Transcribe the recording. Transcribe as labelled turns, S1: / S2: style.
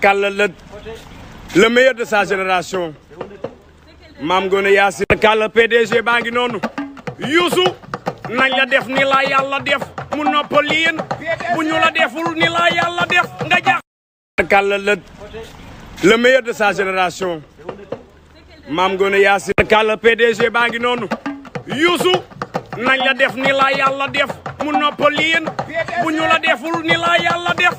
S1: Tarkalla le le meilleur de sa génération Mame Gone Yacine. Tarkalla PDG baa ngi noonu Youssou nañ la def ni la yàlla def mu noppal yéen bu ñu la deful ni la yàlla def nga jaax. Tarkalla le le meilleur de sa génération Mame Gone Yacine. Tarkalla PDG baa gi noonu Youssou nañ la def ni la yàlla def mu noppal bu ñu la deful ni la yàlla def.